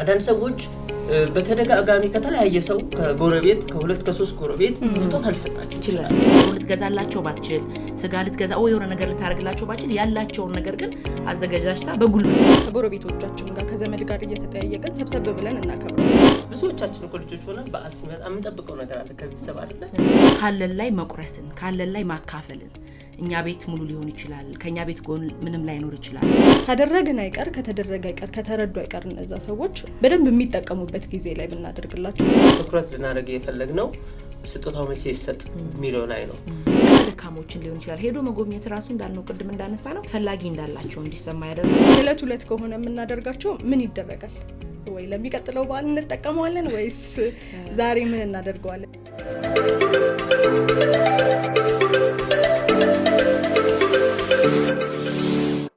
አንዳንድ ሰዎች በተደጋጋሚ ከተለያየ ሰው ከጎረቤት ከሁለት ከሶስት ጎረቤት ስጦታ ልሰጣቸው ይችላል። ልትገዛላቸው ባትችል ስጋ ልትገዛ የሆነ ነገር ልታደርግላቸው ባችል ያላቸውን ነገር ግን አዘገጃጅታ በጉልበት ከጎረቤቶቻችን ጋር ከዘመድ ጋር እየተጠያየቀን ሰብሰብ ብለን እናከብረ። ብዙዎቻችን እኮ ልጆች ሆነ በዓል ሲመጣ የምንጠብቀው ነገር አለ ከቤተሰብ አለ ካለን ላይ መቁረስን ካለን ላይ ማካፈልን እኛ ቤት ሙሉ ሊሆን ይችላል፣ ከእኛ ቤት ጎን ምንም ላይኖር ይችላል። ካደረግን አይቀር ከተደረገ አይቀር ከተረዱ አይቀር እነዛ ሰዎች በደንብ የሚጠቀሙበት ጊዜ ላይ ብናደርግላቸው ትኩረት ልናደርግ የፈለግ ነው ስጦታው መቼ ይሰጥ የሚለው ላይ ነው። ድካሞችን ሊሆን ይችላል ሄዶ መጎብኘት ራሱ እንዳልነው ቅድም እንዳነሳ ነው ፈላጊ እንዳላቸው እንዲሰማ ያደርጋል። እለት ሁለት ከሆነ የምናደርጋቸው ምን ይደረጋል ወይ ለሚቀጥለው በዓል እንጠቀመዋለን ወይስ ዛሬ ምን እናደርገዋለን?